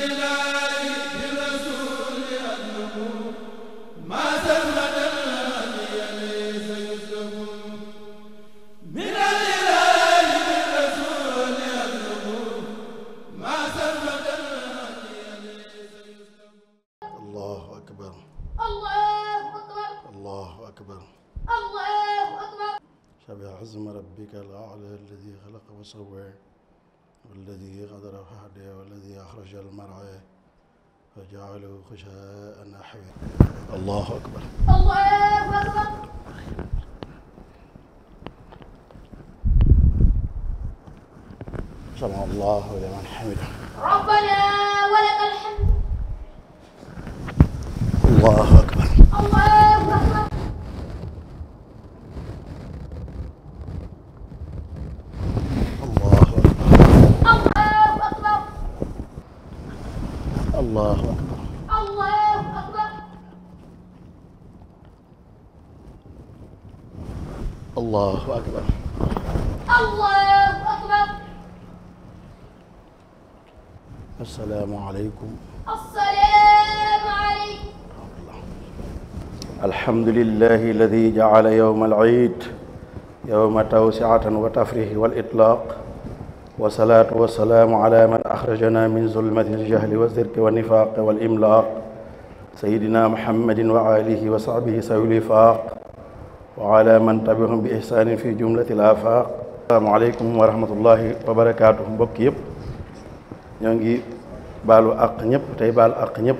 Allahu akbar. Sabiha isma rabbika al-a'la alladhi khalaqa wa sawwa والذي قدر فهدى والذي أخرج المرعى فجعله خشاء نحوه الله أكبر الله أكبر سمع الله لمن حمده ربنا allahu akbar allahu akbar assalaamu aleykum assalaamu aleykum الحمد لله الذي جعل يوم العيد يوم توسعة وتفريح والإطلاق والصلاة والسلام على من أخرجنا من ظلمة الجهل والزرك والنفاق والإملاق سيدنا محمد وآله وصحبه سوي الوفاق wa ala man tabi'ahum bi ihsaanin fi jumlatil afaaq assalaamu aleykum wa rahmatullahi wa barakaatu mbokk yëpp ñoo ngi baalu àq ñépp tey baal àq ñépp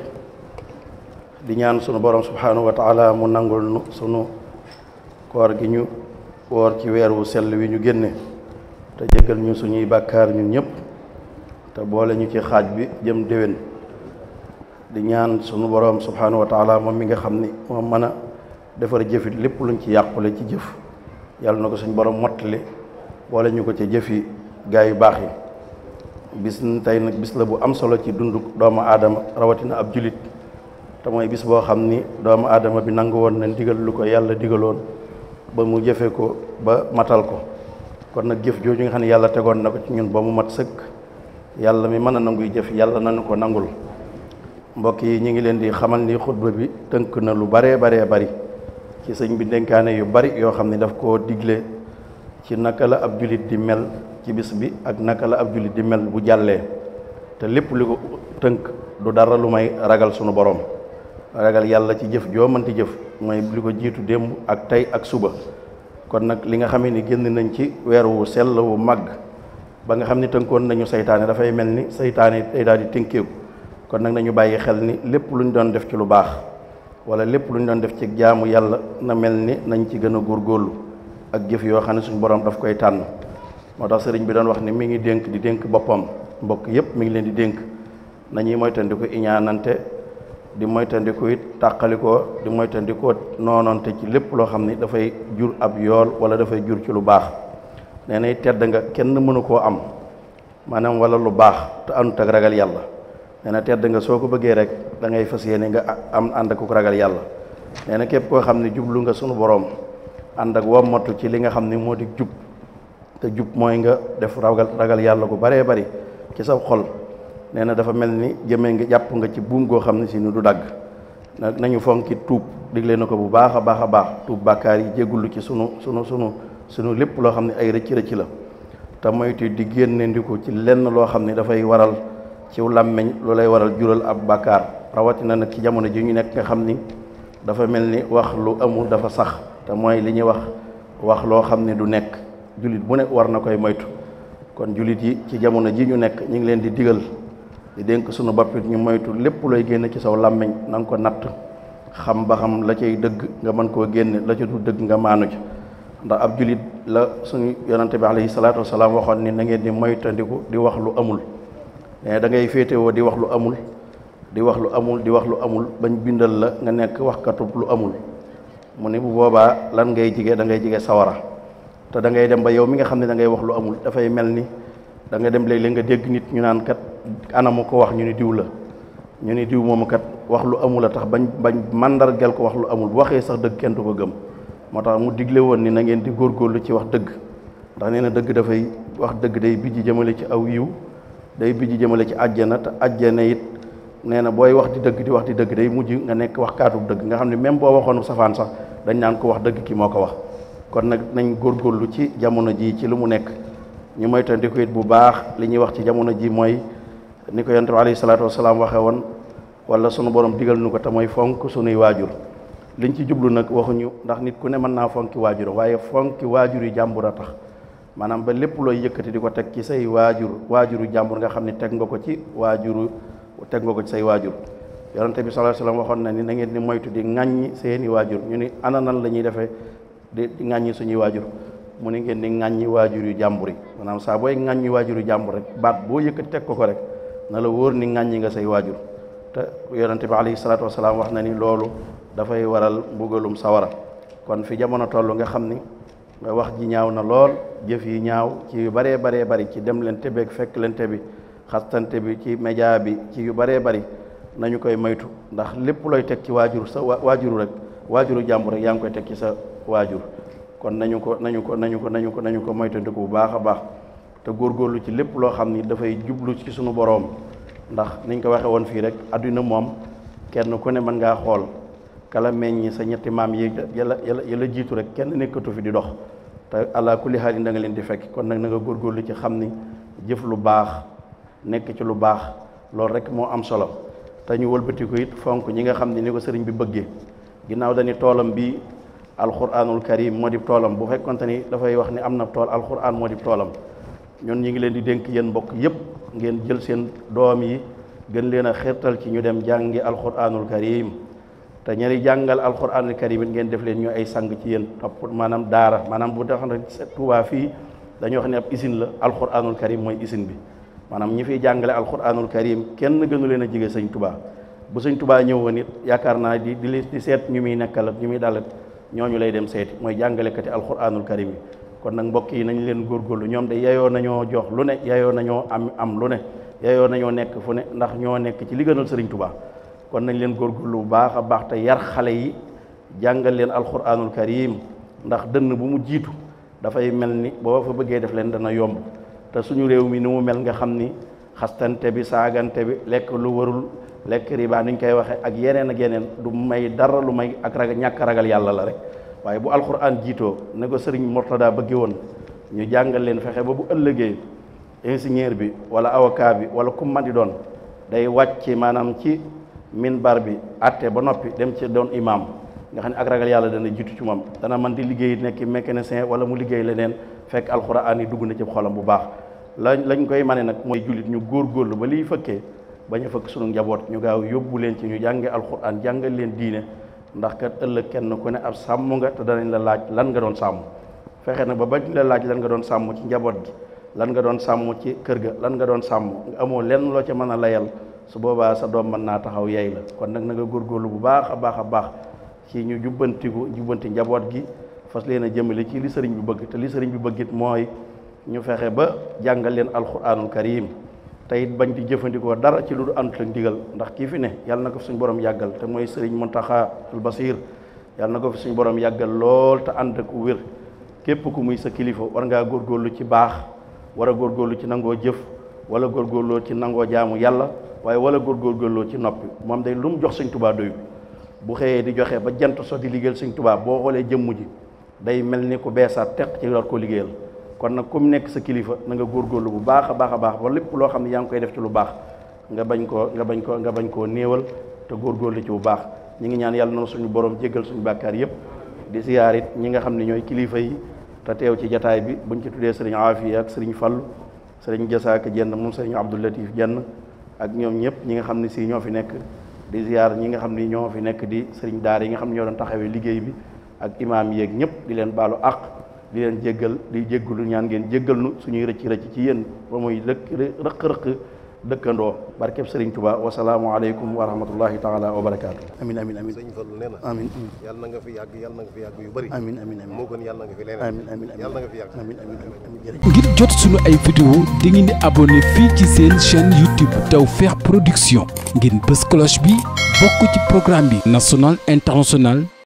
di ñaan sunu borom subhaanahu wa taala mu nangul nu sunu koor gi ñu woor ci weer wu sell wi ñu génne te jéggal ñu suñuy bàkkaar ñun ñëpp te boole ñu ci xaaj bi jëm déwén di ñaan sunu boroom subhaanahu wa taala moom mi nga xam ni moom mën a defar jëfit lépp luñ ci yàqule ci jëf yàlla na ko suñu borom mottali boole ñu ko ca jëfi gaa yu baax yi bis tey nag bis la bu am solo ci dundu doomu aadama rawatina ab julit te mooy bis boo xam ni doomu aadama bi nangu woon na ndigal lu ko yàlla digaloon ba mu jëfe ko ba matal ko kon nag jëf jooju nga xam ne yàlla tegoon na ko ci ñun ba mu mat sëkk yàlla mi mën a nanguy jëf yàlla na nañu ko nangul mbokk yi ñu ngi leen di xamal ni xutba bi tënk na lu baree baree bari ci sëñ bi dénkaane yu bari yoo xam ne daf koo digle ci naka la ab jullit di mel ci bis bi ak naka la ab jullit di mel bu jàllee te lépp li ko tënk du dara lu may ragal sunu borom ragal yàlla ci jëf joo mënti jëf mooy li ko jiitu démb ak tey ak suba kon nag li nga xam ni génn nañ ci weer wu sell wu màgg ba nga xam ni tënkoon nañu saytaane dafay mel ni seytaane day daal di tënkeeku kon nag nañu bàyyi xel ni lépp lu ñu doon def ci lu baax wala lépp lu ñu doon def ci jaamu yàlla na mel ni nañ ci gën a góor góorlu ak jëf yoo xam ne suñu borom daf koy tànn moo tax sëriñ bi doon wax ni mi ngi dénk di dénk boppam mbokk yépp mu ngi leen di dénk nañuy moytandiku iñaanante di moytandiku it tàqalikoo di moytandikoo noonante ci lépp loo xam ni dafay jur ab yool wala dafay jur ci lu baax nee nay tedd nga kenn mënu koo am maanaam wala lu baax te àndut ragal yàlla nee na tedd nga soo ko bëggee rek da ngay fas yéene nga am ànd ak ragal yàlla nee na képp koo xam ne jublu nga sunu boroom ànd ak wommatu ci li nga xam ne moo di jub te jub mooy nga def ragal ragal yàlla ko baree bari ci sa xol nee na dafa mel ni jëmee nga jàpp nga ci buum goo xam ne si ni du dagg nag nañu fonki tuub digle na ko bu baax a baax a baax tuub bàkkaar yi jéggulu ci sunu sunu sunu sunu lépp loo xam ne ay rëcc rëcc la te moytu di génne ndiku ci lenn loo xam ne dafay waral ciw làmmeñ lu lay waral jural ab bàkkaar rawatina nag ci jamono ji ñu nekk nga xam ni dafa mel ni wax lu amul dafa sax te mooy li ñuy wax wax loo xam ne du nekk jullit bu ne war na koy moytu kon jullit yi ci jamono ji ñu nekk ñu ngi leen di digal di dénk suñu bopp ñu moytu lépp looy génne ci saw làmmiñ nanga ko natt xam ba xam la cay dëgg nga mën koo génne la ca du dëgg nga maanu ca ndax ab jullit la suñu yonante bi alayhi salaatu wasalaam waxoon ni na ngeen di moytandiku di wax lu amul mais da ngay féetewoo di wax lu amul di wax lu amul di wax lu amul bañ bindal la nga nekk waxkatu lu amul mu ne bu boobaa lan ngay jige da ngay jige sawara te da ngay dem ba yow mi nga xam ne da ngay wax lu amul dafay mel ni da nga dem léeg nga dégg nit ñu naankat kat anamu ko wax ñu ni diw la ñu ni diw moomu wax lu amul a tax bañ bañ màndargal ko wax lu amul bu waxee sax dëgg kenn du ko gëm moo tax mu digle woon ni na ngeen di góorgóorlu ci wax dëgg ndax nee na dëgg dafay wax dëgg day bijji jëmale ci aw yiw day bijji jëmale ci àjjana te àjjana it nee na booy wax di dëgg di wax di dëgg day mujj nga nekk wax kaatu dëgg nga xam ne même boo waxoonu safaan sax dañ naan ko wax dëgg ki moo ko wax kon nag nañ góor góorlu ci jamono jii ci lu mu nekk ñu moytandiku it bu baax li ñuy wax ci jamono jii mooy ni ko yonent bi alayhi salaatu wasalaam woon wala sunu borom digal nu ko te mooy fonk sunuy waajur liñ ci jublu nag waxuñu ndax nit ku ne mën naa fonki waajur waaye fonki waajur yi jàmbur a tax maanaam ba lépp looy yëkkati di ko teg ci say waajur waajuru jàmbur nga xam ne teg nga ko ci waajuru teg nga ko ci say waajur yonente bi sallallahu alayhi wasallam waxoon na ni na ngeen di moytu di ŋàññi seeni waajur ñu ni ana nan la ñuy defee di ŋàññi suñuy waajur mu ni ngeen di ŋàññi waajur yu jàmbur yi maanaam saa booy ŋàññi waajur yu jàmbur rek baat boo yëkkati teg ko ko rek na la wóor ni ŋàññi nga say waajur te yonente bi alayhi salaatu wasalaam wax na ni loolu dafay waral mbugalum sawara kon fi jamono toll nga xam ni wax ji ñaaw na lool jëf yi ñaaw ci yu baree baree bari ci dem leen beeg fekk leen bi xastante bi ci média bi ci yu baree bari nañu koy moytu ndax lépp looy teg ci waajur sa waajuru rek waajuru jàmbur rek yaa ngi koy teg ci sa waajur kon nañu ko nañu ko nañu ko nañu ko nañu ko moytandiku bu baax a baax te góorgóorlu ci lépp loo xam ni dafay jublu ci sunu boroom ndax niñ ko waxee woon fii rek adduna moom kenn ku ne mën ngaa xool kala meññi sa ñetti maam yala yàlla yàlla yàlla jiitu rek kenn nekkatu fi di dox te ala kulli xaal da nga leen di fekk kon nag na góor góorgóorlu ci xam ni jëf lu baax nekk ci lu baax loolu rek moo am solo te ñu wëlbatiku it fonk ñi nga xam ne ni ko sëriñ bi bëggee ginnaaw dañu toolam bi alquranul karim moo di toolam bu fekkonte ni dafay wax ni am na tool alquran moo di toolam ñun ñi ngi leen di dénk yéen mbokk yépp ngeen jël seen doom yi gën leen a xirtal ci ñu dem jàngi alquranul karim te ñeneen jàngal alquranul karim it ngeen def leen ñu ay sang ci yéen topp maanaam daara maanaam bu tax na Tuubaa fii dañuy wax ne ab la alquranul karim mooy usine bi maanaam ñi fiy jàngale alquranul karim kenn gënu leen a jege sëñ tubaa bu sëñ tubaa ñëwoon it yaakaar naa di di di seet ñu muy nekkalat ñu muy dalat ñooñu lay dem seeti mooy jàngalekati alquranul karim yi kon nag mbokk yi nañ leen góorgóorlu ñoom de yayoo nañoo jox lu ne yayoo nañoo am am lu ne yayoo nañoo nekk fu ne ndax ñoo nekk ci li gënal sëriñ tubaa kon nañ leen góorgóorlu bu baax a baax te yar xale yi jàngal leen alquranul karim ndax dënn bu mu jiitu dafay mel ni boo fa bëggee def leen dana yomb te suñu réew mi ni mu mel nga xam ni xastante bi saagante bi lekk lu warul lekk riba ni ñu koy waxee ak yeneen ak yeneen du may dara lu may ak ragal ñàkk ragal yàlla la rek waaye bu alxuraan jiitoo ne ko sëriñ Mortada bëgge woon ñu jàngal leen fexe ba bu ëllëgee ingénieur bi wala avocat bi wala ku man di doon day wàcc maanaam ci bar bi àtte ba noppi dem ci doon imam nga xam ne ak ragal yàlla dana jiitu ci moom dana man di liggéey nekk mécanicien wala mu liggéey leneen fekk alxuraan yi dugg na ci xolam bu baax lañ lañ koy mane nag mooy jullit ñu góor góorlu ba liy fëkkee bañ a fëkk sunu njaboot ñu gaaw yóbbu leen ci ñu jànge alxuraan jàngal leen diine ndax kat ëllëg kenn ku ne ab sàmm nga te danañ la laaj lan nga doon sàmm fexe nag ba bañ la laaj lan nga doon sàmm ci njaboot gi lan nga doon sàmm ci kër ga lan nga doon sàmm nga amoo lenn loo ca mën a layal su boobaa sa doom mën naa taxaw yey la kon nag na nga góorgóorlu bu baax a baax a baax ci ñu jubbantiku jubbanti njaboot gi fas leen a jëmale ci li sëriñ bi bëgg te li sëriñ bi bëgg it mooy ñu fexe ba jàngal leen alxuraanul karim te it bañ di jëfandikoo dara ci lu du àndut ak ndigal ndax kii fi ne yàlla na ko fi suñu borom yàggal te mooy sëriñ Muntaxa al Basiir yàlla na ko fi borom yàggal lool te ànd ak wér képp ku muy sa kilifa war ngaa góor góorgóorlu ci baax war a góorgóorlu ci nangoo jëf wala góorgóorloo ci nangoo jaamu yàlla waaye wala góorgóorloo ci noppi moom day lu mu jox sëñ tubaa doyu bu xëyee di joxee ba jant so di liggéeyal sëñ tubaa boo xoolee jëmm ji day mel ni ku beesaat teq ci door koo liggéeyal kon nag ku mu nekk sa kilifa na nga góorgóorlu bu baax a baax a baax ba lépp loo xam ne yaa ngi koy def ci lu baax nga bañ koo nga bañ koo nga bañ koo néewal te góor góorgóorlu ci bu baax ñi ngi ñaan yàlla na suñu borom jéggal suñu bàkkaar yëpp di siyaar it ñi nga xam ne ñooy kilifa yi te teew ci jataay bi buñ ci tuddee sëriñ Aafiya ak sëriñ Fallu sëriñ Jasaaka jenn moom sëriñ Abdul Latif jenn ak ñoom ñëpp ñi nga xam ne si ñoo fi nekk di ziar ñi nga xam ni fi nekk di sëriñ daar yi nga xam ne ñoo doon taxawee liggéey bi ak imaam yeeg ñëpp di leen baalu àq di leen jéggal di jéggalu ñaan ngeen jéggal nu suñuy rëcc rëcc ci yéen ba muy rëkk rëq-rëq dëkkandoo barkeb Sëriñ Tuubaa wasalaamu aleykum wa rahmatullahi taala wa barakaatu amin amin amin sëñ Fallu nee na amin yàlla na nga fi yàgg yàlla na nga fi yàgg yu bëri amin amin amin moo gën yàlla na nga fi leneen amin amin yàlla na nga fi yàgg amin amin amin jërëjëf ngir jot suñu ay vidéo di ngeen di fii ci seen chaîne YouTube Tawfekh Production ngeen bës cloche bi bokk ci programme bi national international